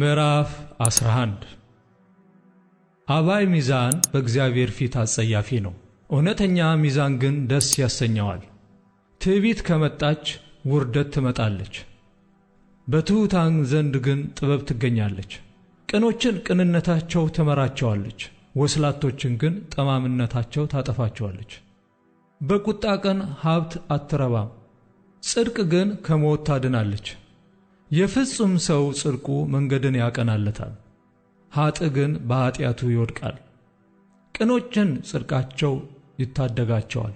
ምዕራፍ 11 አባይ ሚዛን በእግዚአብሔር ፊት አጸያፊ ነው፣ እውነተኛ ሚዛን ግን ደስ ያሰኘዋል። ትዕቢት ከመጣች ውርደት ትመጣለች፣ በትሑታን ዘንድ ግን ጥበብ ትገኛለች። ቅኖችን ቅንነታቸው ትመራቸዋለች፣ ወስላቶችን ግን ጠማምነታቸው ታጠፋቸዋለች። በቁጣ ቀን ሀብት አትረባም፣ ጽድቅ ግን ከሞት ታድናለች። የፍጹም ሰው ጽድቁ መንገድን ያቀናለታል፣ ኀጥእ ግን በኀጢአቱ ይወድቃል። ቅኖችን ጽድቃቸው ይታደጋቸዋል፣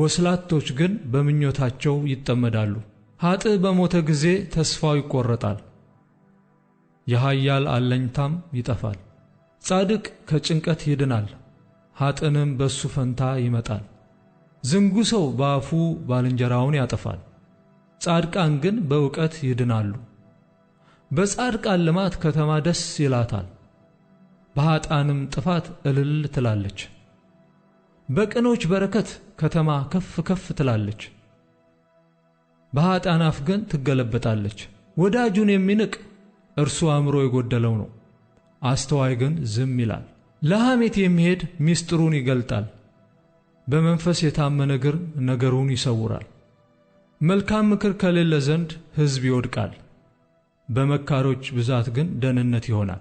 ወስላቶች ግን በምኞታቸው ይጠመዳሉ። ኀጥእ በሞተ ጊዜ ተስፋው ይቈረጣል፣ የኃያል አለኝታም ይጠፋል። ጻድቅ ከጭንቀት ይድናል፣ ኀጥንም በእሱ ፈንታ ይመጣል። ዝንጉ ሰው በአፉ ባልንጀራውን ያጠፋል፣ ጻድቃን ግን በእውቀት ይድናሉ። በጻድቃን ልማት ከተማ ደስ ይላታል፣ በኀጣንም ጥፋት እልል ትላለች። በቅኖች በረከት ከተማ ከፍ ከፍ ትላለች፣ በኀጣን አፍ ግን ትገለበጣለች። ወዳጁን የሚንቅ እርሱ አእምሮ የጎደለው ነው፣ አስተዋይ ግን ዝም ይላል። ለሐሜት የሚሄድ ምስጢሩን ይገልጣል፣ በመንፈስ የታመነ እግር ነገሩን ይሰውራል። መልካም ምክር ከሌለ ዘንድ ሕዝብ ይወድቃል። በመካሮች ብዛት ግን ደህንነት ይሆናል።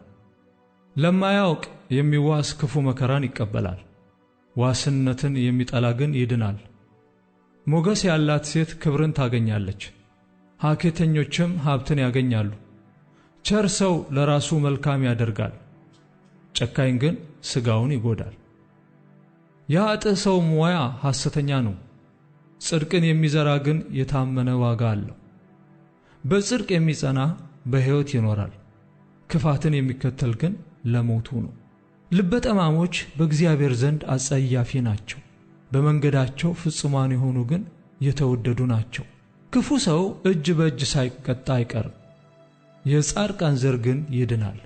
ለማያውቅ የሚዋስ ክፉ መከራን ይቀበላል፣ ዋስነትን የሚጠላ ግን ይድናል። ሞገስ ያላት ሴት ክብርን ታገኛለች፣ ሐኬተኞችም ሀብትን ያገኛሉ። ቸር ሰው ለራሱ መልካም ያደርጋል፣ ጨካኝ ግን ሥጋውን ይጎዳል። የአጥ ሰው ሙያ ሐሰተኛ ነው፣ ጽድቅን የሚዘራ ግን የታመነ ዋጋ አለው። በጽድቅ የሚጸና በሕይወት ይኖራል። ክፋትን የሚከተል ግን ለሞቱ ነው። ልበጠማሞች በእግዚአብሔር ዘንድ አጸያፊ ናቸው። በመንገዳቸው ፍጹማን የሆኑ ግን የተወደዱ ናቸው። ክፉ ሰው እጅ በእጅ ሳይቀጣ አይቀርም። የጻድቃን ዘር ግን ይድናል።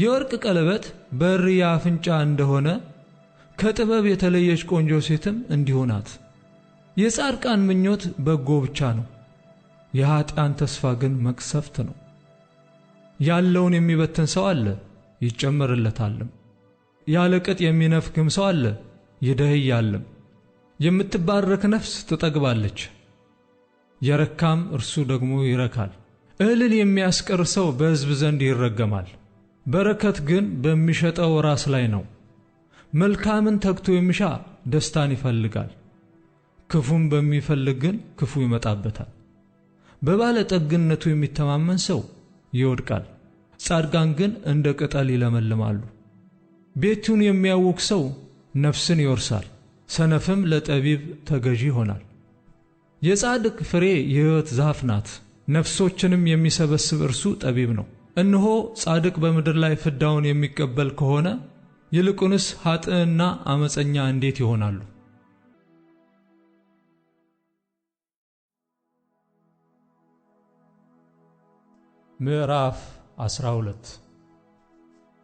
የወርቅ ቀለበት በርያ አፍንጫ እንደሆነ ከጥበብ የተለየች ቆንጆ ሴትም እንዲሁ ናት። የጻድቃን ምኞት በጎ ብቻ ነው፣ የኀጢአን ተስፋ ግን መቅሰፍት ነው። ያለውን የሚበትን ሰው አለ፣ ይጨመርለታልም። ያለ ቅጥ የሚነፍግም ሰው አለ፣ ይደህያልም። የምትባረክ ነፍስ ትጠግባለች፣ የረካም እርሱ ደግሞ ይረካል። እህልን የሚያስቀር ሰው በሕዝብ ዘንድ ይረገማል፣ በረከት ግን በሚሸጠው ራስ ላይ ነው። መልካምን ተግቶ የሚሻ ደስታን ይፈልጋል፣ ክፉን በሚፈልግ ግን ክፉ ይመጣበታል። በባለ ጠግነቱ የሚተማመን ሰው ይወድቃል። ጻድቃን ግን እንደ ቅጠል ይለመልማሉ። ቤቱን የሚያውክ ሰው ነፍስን ይወርሳል፣ ሰነፍም ለጠቢብ ተገዢ ይሆናል። የጻድቅ ፍሬ የሕይወት ዛፍ ናት፣ ነፍሶችንም የሚሰበስብ እርሱ ጠቢብ ነው። እነሆ ጻድቅ በምድር ላይ ፍዳውን የሚቀበል ከሆነ ይልቁንስ ኃጥእና ዓመፀኛ እንዴት ይሆናሉ? ምዕራፍ 12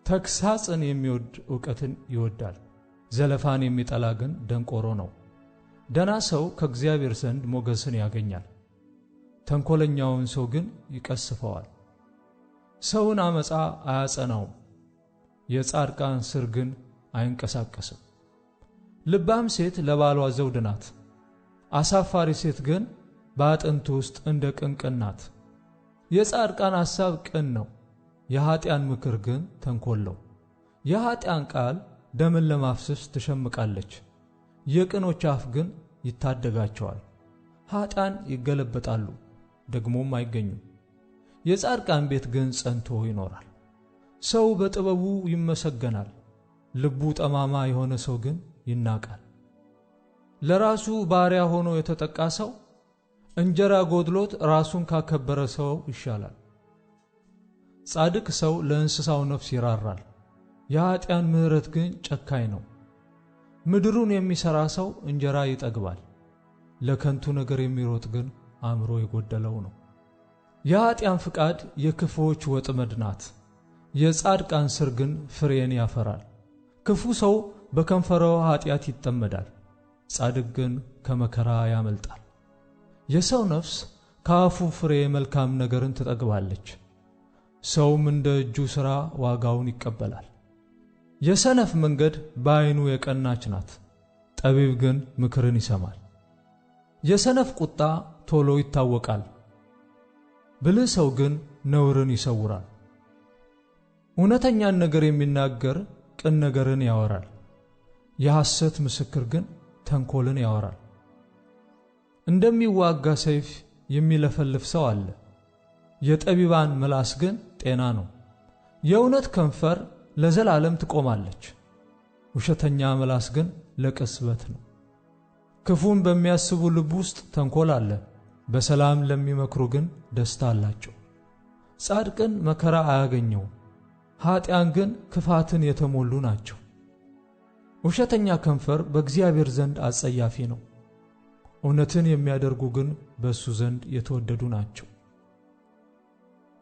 ተግሣጽን የሚወድ እውቀትን ይወዳል፣ ዘለፋን የሚጠላ ግን ደንቆሮ ነው። ደና ሰው ከእግዚአብሔር ዘንድ ሞገስን ያገኛል፣ ተንኰለኛውን ሰው ግን ይቀስፈዋል። ሰውን አመፃ አያጸናውም፣ የጻድቃን ስር ግን አይንቀሳቀስም። ልባም ሴት ለባሏ ዘውድ ናት፣ አሳፋሪ ሴት ግን በአጥንቱ ውስጥ እንደ ቅንቅን ናት። የጻድቃን ሐሳብ ቅን ነው፣ የኀጢአን ምክር ግን ተንኰል ነው። የኀጢአን ቃል ደምን ለማፍሰስ ትሸምቃለች፣ የቅኖች አፍ ግን ይታደጋቸዋል። ኀጣን ይገለበጣሉ፣ ደግሞም አይገኙም። የጻድቃን ቤት ግን ጸንቶ ይኖራል። ሰው በጥበቡ ይመሰገናል፣ ልቡ ጠማማ የሆነ ሰው ግን ይናቃል። ለራሱ ባሪያ ሆኖ የተጠቃ ሰው እንጀራ ጎድሎት ራሱን ካከበረ ሰው ይሻላል። ጻድቅ ሰው ለእንስሳው ነፍስ ይራራል፣ የኀጢአን ምሕረት ግን ጨካኝ ነው። ምድሩን የሚሠራ ሰው እንጀራ ይጠግባል፣ ለከንቱ ነገር የሚሮጥ ግን አእምሮ የጎደለው ነው። የኀጢአን ፍቃድ የክፉዎች ወጥመድ ናት፣ የጻድቃን ሥር ግን ፍሬን ያፈራል። ክፉ ሰው በከንፈረው ኀጢአት ይጠመዳል፣ ጻድቅ ግን ከመከራ ያመልጣል። የሰው ነፍስ ከአፉ ፍሬ መልካም ነገርን ትጠግባለች፣ ሰውም እንደ እጁ ሥራ ዋጋውን ይቀበላል። የሰነፍ መንገድ በዐይኑ የቀናች ናት፣ ጠቢብ ግን ምክርን ይሰማል። የሰነፍ ቁጣ ቶሎ ይታወቃል፣ ብልህ ሰው ግን ነውርን ይሰውራል። እውነተኛን ነገር የሚናገር ቅን ነገርን ያወራል፣ የሐሰት ምስክር ግን ተንኮልን ያወራል። እንደሚዋጋ ሰይፍ የሚለፈልፍ ሰው አለ። የጠቢባን ምላስ ግን ጤና ነው። የእውነት ከንፈር ለዘላለም ትቆማለች፣ ውሸተኛ ምላስ ግን ለቅስበት ነው። ክፉን በሚያስቡ ልብ ውስጥ ተንኮል አለ፣ በሰላም ለሚመክሩ ግን ደስታ አላቸው። ጻድቅን መከራ አያገኘውም፣ ኀጢያን ግን ክፋትን የተሞሉ ናቸው። ውሸተኛ ከንፈር በእግዚአብሔር ዘንድ አጸያፊ ነው። እውነትን የሚያደርጉ ግን በእሱ ዘንድ የተወደዱ ናቸው።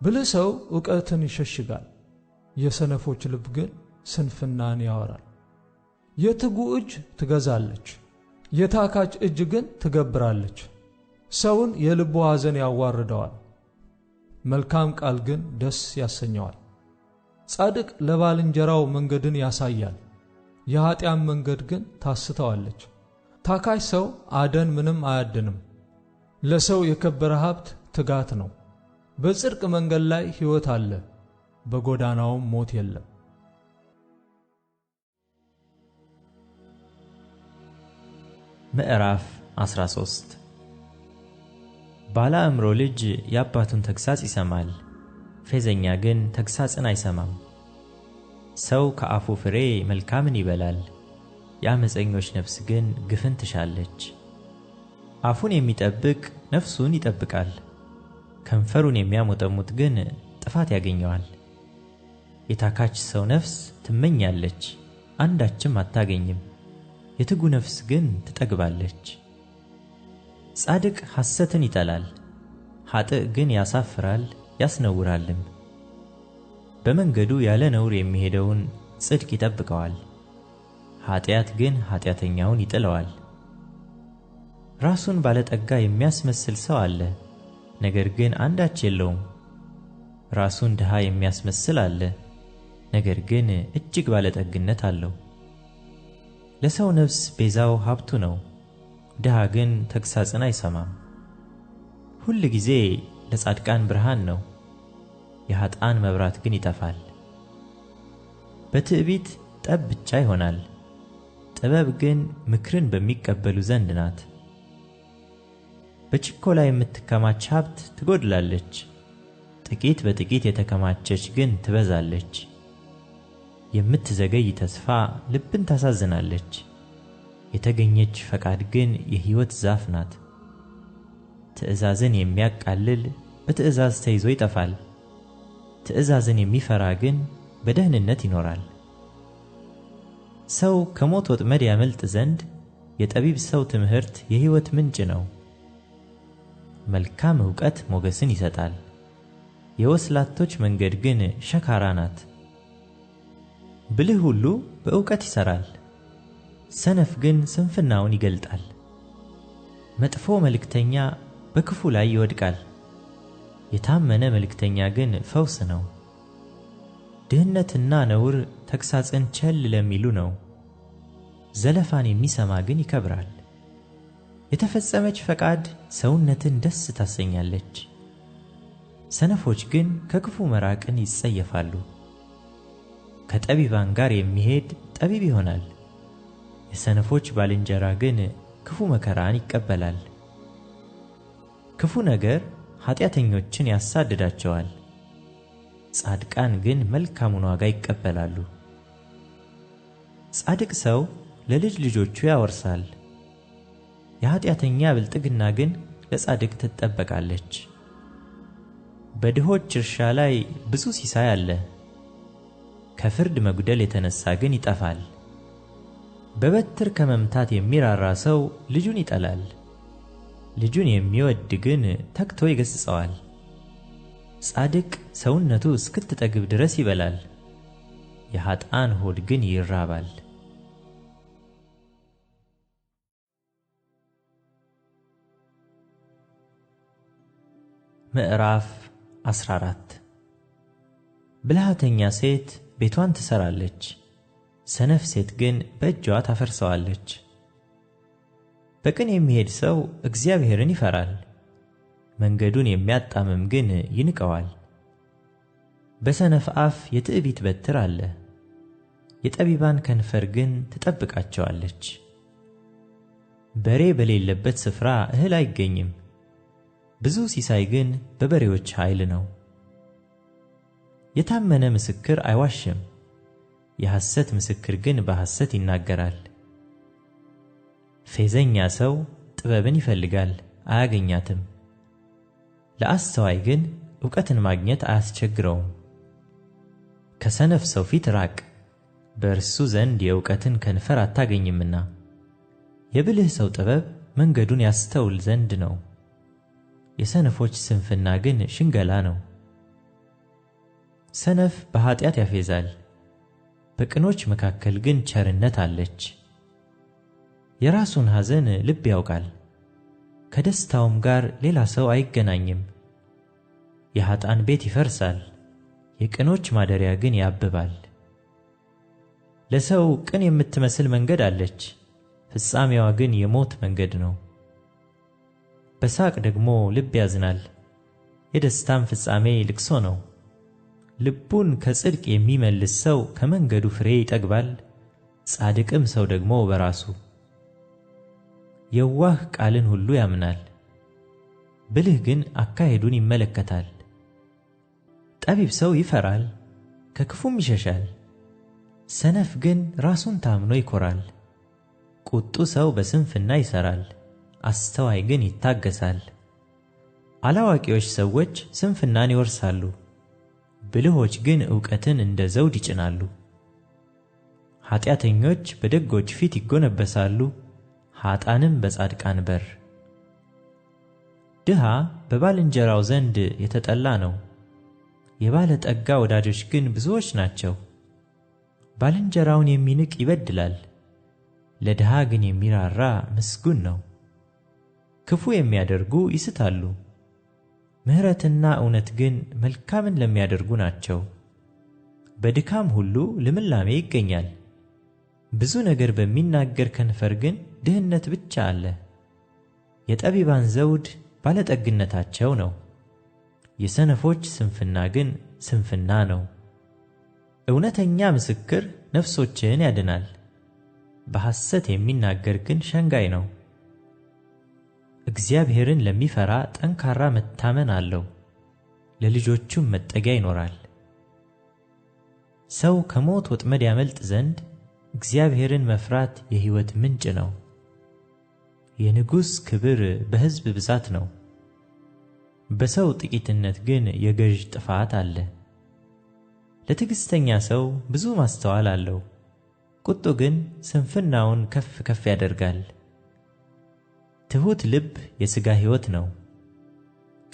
ብልህ ሰው ዕውቀትን ይሸሽጋል፣ የሰነፎች ልብ ግን ስንፍናን ያወራል። የትጉ እጅ ትገዛለች፣ የታካች እጅ ግን ትገብራለች። ሰውን የልቡ ሐዘን ያዋርደዋል፣ መልካም ቃል ግን ደስ ያሰኘዋል። ጻድቅ ለባልንጀራው መንገድን ያሳያል፣ የኀጢአን መንገድ ግን ታስተዋለች። ታካሽ ሰው አደን ምንም አያድንም። ለሰው የከበረ ሀብት ትጋት ነው። በጽድቅ መንገድ ላይ ሕይወት አለ፣ በጎዳናውም ሞት የለም። ምዕራፍ 13 ባለ አእምሮ ልጅ የአባቱን ተግሣጽ ይሰማል፣ ፌዘኛ ግን ተግሣጽን አይሰማም። ሰው ከአፉ ፍሬ መልካምን ይበላል የአመፀኞች ነፍስ ግን ግፍን ትሻለች። አፉን የሚጠብቅ ነፍሱን ይጠብቃል፣ ከንፈሩን የሚያሞጠሙት ግን ጥፋት ያገኘዋል። የታካች ሰው ነፍስ ትመኛለች፣ አንዳችም አታገኝም፣ የትጉ ነፍስ ግን ትጠግባለች። ጻድቅ ሐሰትን ይጠላል፣ ኀጥእ ግን ያሳፍራል ያስነውራልም። በመንገዱ ያለ ነውር የሚሄደውን ጽድቅ ይጠብቀዋል። ኃጢአት ግን ኃጢአተኛውን ይጥለዋል። ራሱን ባለጠጋ የሚያስመስል ሰው አለ፣ ነገር ግን አንዳች የለውም። ራሱን ድሃ የሚያስመስል አለ፣ ነገር ግን እጅግ ባለጠግነት አለው። ለሰው ነፍስ ቤዛው ሀብቱ ነው፣ ድሃ ግን ተግሣጽን አይሰማም። ሁል ጊዜ ለጻድቃን ብርሃን ነው፣ የኀጣን መብራት ግን ይጠፋል። በትዕቢት ጠብ ብቻ ይሆናል ጥበብ ግን ምክርን በሚቀበሉ ዘንድ ናት። በችኮላ የምትከማች ሀብት ትጎድላለች፣ ጥቂት በጥቂት የተከማቸች ግን ትበዛለች። የምትዘገይ ተስፋ ልብን ታሳዝናለች፣ የተገኘች ፈቃድ ግን የሕይወት ዛፍ ናት። ትእዛዝን የሚያቃልል በትእዛዝ ተይዞ ይጠፋል፣ ትእዛዝን የሚፈራ ግን በደህንነት ይኖራል። ሰው ከሞት ወጥመድ ያመልጥ ዘንድ የጠቢብ ሰው ትምህርት የሕይወት ምንጭ ነው። መልካም ዕውቀት ሞገስን ይሰጣል፣ የወስላቶች መንገድ ግን ሸካራ ናት። ብልህ ሁሉ በዕውቀት ይሠራል፣ ሰነፍ ግን ስንፍናውን ይገልጣል። መጥፎ መልእክተኛ በክፉ ላይ ይወድቃል፣ የታመነ መልእክተኛ ግን ፈውስ ነው። ድህነትና ነውር ተግሣጽን ቸል ለሚሉ ነው። ዘለፋን የሚሰማ ግን ይከብራል። የተፈጸመች ፈቃድ ሰውነትን ደስ ታሰኛለች። ሰነፎች ግን ከክፉ መራቅን ይጸየፋሉ። ከጠቢባን ጋር የሚሄድ ጠቢብ ይሆናል። የሰነፎች ባልንጀራ ግን ክፉ መከራን ይቀበላል። ክፉ ነገር ኃጢአተኞችን ያሳድዳቸዋል፣ ጻድቃን ግን መልካሙን ዋጋ ይቀበላሉ። ጻድቅ ሰው ለልጅ ልጆቹ ያወርሳል። የኃጢአተኛ ብልጥግና ግን ለጻድቅ ትጠበቃለች። በድሆች እርሻ ላይ ብዙ ሲሳይ አለ፣ ከፍርድ መጉደል የተነሳ ግን ይጠፋል። በበትር ከመምታት የሚራራ ሰው ልጁን ይጠላል፣ ልጁን የሚወድ ግን ተግቶ ይገሥጸዋል። ጻድቅ ሰውነቱ እስክትጠግብ ድረስ ይበላል፣ የኀጣን ሆድ ግን ይራባል። ምዕራፍ 14 ብልሃተኛ ሴት ቤቷን ትሠራለች፣ ሰነፍ ሴት ግን በእጇ ታፈርሰዋለች። በቅን የሚሄድ ሰው እግዚአብሔርን ይፈራል፣ መንገዱን የሚያጣምም ግን ይንቀዋል። በሰነፍ አፍ የትዕቢት በትር አለ፣ የጠቢባን ከንፈር ግን ትጠብቃቸዋለች። በሬ በሌለበት ስፍራ እህል አይገኝም ብዙ ሲሳይ ግን በበሬዎች ኃይል ነው። የታመነ ምስክር አይዋሽም፣ የሐሰት ምስክር ግን በሐሰት ይናገራል። ፌዘኛ ሰው ጥበብን ይፈልጋል አያገኛትም፣ ለአስተዋይ ግን እውቀትን ማግኘት አያስቸግረውም። ከሰነፍ ሰው ፊት ራቅ፣ በእርሱ ዘንድ የእውቀትን ከንፈር አታገኝምና። የብልህ ሰው ጥበብ መንገዱን ያስተውል ዘንድ ነው። የሰነፎች ስንፍና ግን ሽንገላ ነው። ሰነፍ በኃጢአት ያፌዛል፣ በቅኖች መካከል ግን ቸርነት አለች። የራሱን ሐዘን ልብ ያውቃል፣ ከደስታውም ጋር ሌላ ሰው አይገናኝም። የኃጥአን ቤት ይፈርሳል፣ የቅኖች ማደሪያ ግን ያብባል። ለሰው ቅን የምትመስል መንገድ አለች፣ ፍጻሜዋ ግን የሞት መንገድ ነው። በሳቅ ደግሞ ልብ ያዝናል። የደስታም ፍጻሜ ልቅሶ ነው። ልቡን ከጽድቅ የሚመልስ ሰው ከመንገዱ ፍሬ ይጠግባል፣ ጻድቅም ሰው ደግሞ በራሱ። የዋህ ቃልን ሁሉ ያምናል፣ ብልህ ግን አካሄዱን ይመለከታል። ጠቢብ ሰው ይፈራል፣ ከክፉም ይሸሻል። ሰነፍ ግን ራሱን ታምኖ ይኮራል። ቁጡ ሰው በስንፍና ይሰራል። አስተዋይ ግን ይታገሳል። አላዋቂዎች ሰዎች ስንፍናን ይወርሳሉ፣ ብልሆች ግን ዕውቀትን እንደ ዘውድ ይጭናሉ። ኃጢአተኞች በደጎች ፊት ይጎነበሳሉ፣ ኀጣንም በጻድቃን በር። ድሃ በባልንጀራው ዘንድ የተጠላ ነው፣ የባለጠጋ ወዳጆች ግን ብዙዎች ናቸው። ባልንጀራውን የሚንቅ ይበድላል፣ ለድሃ ግን የሚራራ ምስጉን ነው። ክፉ የሚያደርጉ ይስታሉ፣ ምሕረትና እውነት ግን መልካምን ለሚያደርጉ ናቸው። በድካም ሁሉ ልምላሜ ይገኛል፣ ብዙ ነገር በሚናገር ከንፈር ግን ድህነት ብቻ አለ። የጠቢባን ዘውድ ባለጠግነታቸው ነው፣ የሰነፎች ስንፍና ግን ስንፍና ነው። እውነተኛ ምስክር ነፍሶችን ያድናል፣ በሐሰት የሚናገር ግን ሸንጋይ ነው። እግዚአብሔርን ለሚፈራ ጠንካራ መታመን አለው፣ ለልጆቹም መጠጊያ ይኖራል። ሰው ከሞት ወጥመድ ያመልጥ ዘንድ እግዚአብሔርን መፍራት የሕይወት ምንጭ ነው። የንጉሥ ክብር በሕዝብ ብዛት ነው፣ በሰው ጥቂትነት ግን የገዥ ጥፋት አለ። ለትዕግሥተኛ ሰው ብዙ ማስተዋል አለው፣ ቁጡ ግን ስንፍናውን ከፍ ከፍ ያደርጋል። ትሑት ልብ የሥጋ ሕይወት ነው፣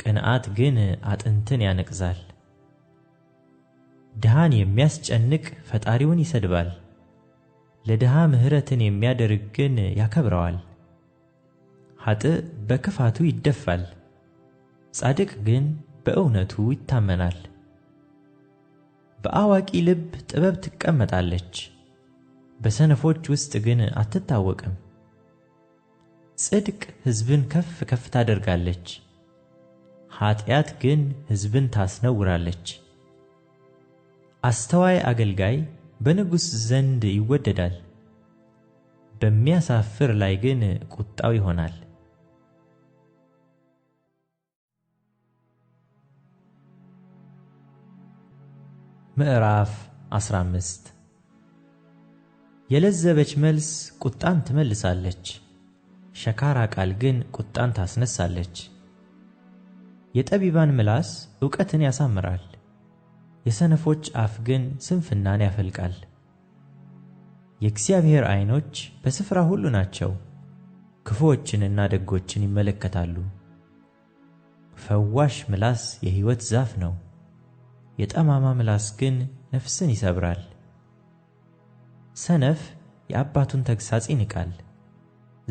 ቅንዓት ግን አጥንትን ያነቅዛል። ድሃን የሚያስጨንቅ ፈጣሪውን ይሰድባል፣ ለድሃ ምሕረትን የሚያደርግ ግን ያከብረዋል። ኀጥእ በክፋቱ ይደፋል፣ ጻድቅ ግን በእውነቱ ይታመናል። በአዋቂ ልብ ጥበብ ትቀመጣለች፣ በሰነፎች ውስጥ ግን አትታወቅም። ጽድቅ ሕዝብን ከፍ ከፍ ታደርጋለች፣ ኃጢአት ግን ሕዝብን ታስነውራለች። አስተዋይ አገልጋይ በንጉሥ ዘንድ ይወደዳል፣ በሚያሳፍር ላይ ግን ቁጣው ይሆናል። ምዕራፍ 15 የለዘበች መልስ ቁጣን ትመልሳለች። ሸካራ ቃል ግን ቁጣን ታስነሳለች። የጠቢባን ምላስ ዕውቀትን ያሳምራል፣ የሰነፎች አፍ ግን ስንፍናን ያፈልቃል። የእግዚአብሔር ዐይኖች በስፍራ ሁሉ ናቸው፣ ክፉዎችንና ደጎችን ይመለከታሉ። ፈዋሽ ምላስ የሕይወት ዛፍ ነው፣ የጠማማ ምላስ ግን ነፍስን ይሰብራል። ሰነፍ የአባቱን ተግሣጽ ይንቃል፣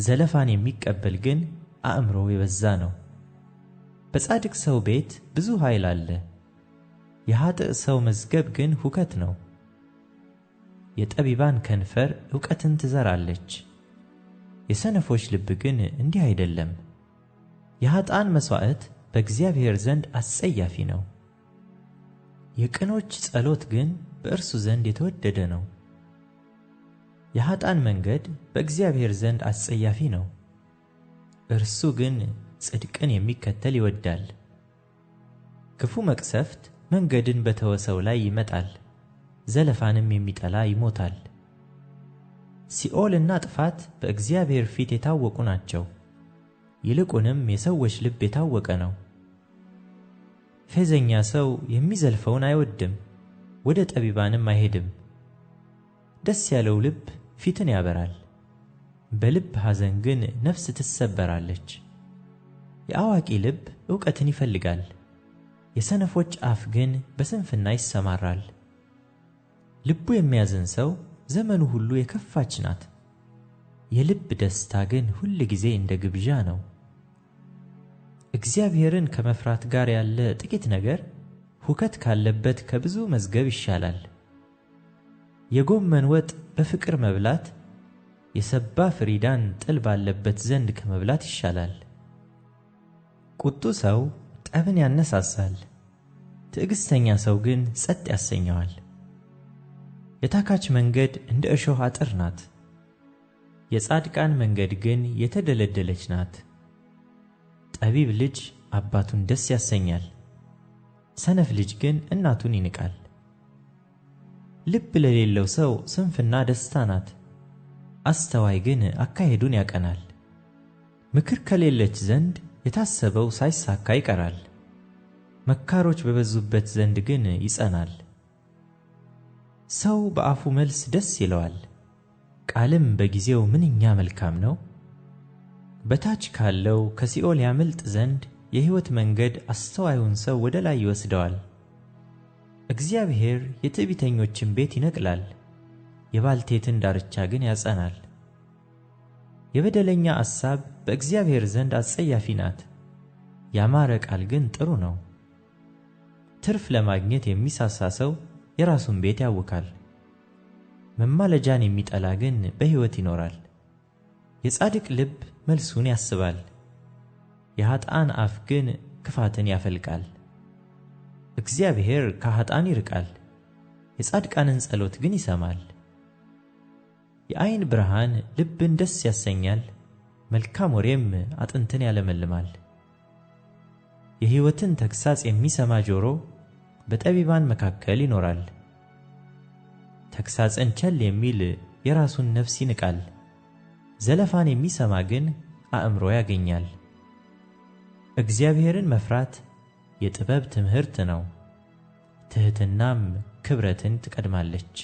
ዘለፋን የሚቀበል ግን አእምሮ የበዛ ነው። በጻድቅ ሰው ቤት ብዙ ኃይል አለ፣ የኃጥእ ሰው መዝገብ ግን ሁከት ነው። የጠቢባን ከንፈር ዕውቀትን ትዘራለች፣ የሰነፎች ልብ ግን እንዲህ አይደለም። የኀጣን መሥዋዕት በእግዚአብሔር ዘንድ አስጸያፊ ነው፣ የቅኖች ጸሎት ግን በእርሱ ዘንድ የተወደደ ነው። የኀጥኣን መንገድ በእግዚአብሔር ዘንድ አስጸያፊ ነው፤ እርሱ ግን ጽድቅን የሚከተል ይወዳል። ክፉ መቅሰፍት መንገድን በተወ ሰው ላይ ይመጣል፤ ዘለፋንም የሚጠላ ይሞታል። ሲኦልና ጥፋት በእግዚአብሔር ፊት የታወቁ ናቸው፤ ይልቁንም የሰዎች ልብ የታወቀ ነው። ፌዘኛ ሰው የሚዘልፈውን አይወድም፣ ወደ ጠቢባንም አይሄድም። ደስ ያለው ልብ ፊትን ያበራል፣ በልብ ሐዘን ግን ነፍስ ትሰበራለች። የአዋቂ ልብ ዕውቀትን ይፈልጋል፣ የሰነፎች አፍ ግን በስንፍና ይሰማራል። ልቡ የሚያዝን ሰው ዘመኑ ሁሉ የከፋች ናት፣ የልብ ደስታ ግን ሁል ጊዜ እንደ ግብዣ ነው። እግዚአብሔርን ከመፍራት ጋር ያለ ጥቂት ነገር ሁከት ካለበት ከብዙ መዝገብ ይሻላል። የጎመን ወጥ በፍቅር መብላት የሰባ ፍሪዳን ጥል ባለበት ዘንድ ከመብላት ይሻላል። ቁጡ ሰው ጠብን ያነሳሳል፣ ትዕግሥተኛ ሰው ግን ጸጥ ያሰኘዋል። የታካች መንገድ እንደ እሾህ አጥር ናት፣ የጻድቃን መንገድ ግን የተደለደለች ናት። ጠቢብ ልጅ አባቱን ደስ ያሰኛል፣ ሰነፍ ልጅ ግን እናቱን ይንቃል። ልብ ለሌለው ሰው ስንፍና ደስታ ናት። አስተዋይ ግን አካሄዱን ያቀናል። ምክር ከሌለች ዘንድ የታሰበው ሳይሳካ ይቀራል። መካሮች በበዙበት ዘንድ ግን ይጸናል። ሰው በአፉ መልስ ደስ ይለዋል፣ ቃልም በጊዜው ምንኛ መልካም ነው። በታች ካለው ከሲኦል ያመልጥ ዘንድ የሕይወት መንገድ አስተዋዩን ሰው ወደ ላይ ይወስደዋል። እግዚአብሔር የትዕቢተኞችን ቤት ይነቅላል፣ የባልቴትን ዳርቻ ግን ያጸናል። የበደለኛ አሳብ በእግዚአብሔር ዘንድ አጸያፊ ናት፣ ያማረ ቃል ግን ጥሩ ነው። ትርፍ ለማግኘት የሚሳሳ ሰው የራሱን ቤት ያውካል፣ መማለጃን የሚጠላ ግን በሕይወት ይኖራል። የጻድቅ ልብ መልሱን ያስባል፣ የኀጣን አፍ ግን ክፋትን ያፈልቃል። እግዚአብሔር ከኃጥአን ይርቃል፣ የጻድቃንን ጸሎት ግን ይሰማል። የአይን ብርሃን ልብን ደስ ያሰኛል፣ መልካም ወሬም አጥንትን ያለመልማል። የሕይወትን ተግሣጽ የሚሰማ ጆሮ በጠቢባን መካከል ይኖራል። ተግሣጽን ቸል የሚል የራሱን ነፍስ ይንቃል፣ ዘለፋን የሚሰማ ግን አእምሮ ያገኛል። እግዚአብሔርን መፍራት የጥበብ ትምህርት ነው። ትሕትናም ክብረትን ትቀድማለች።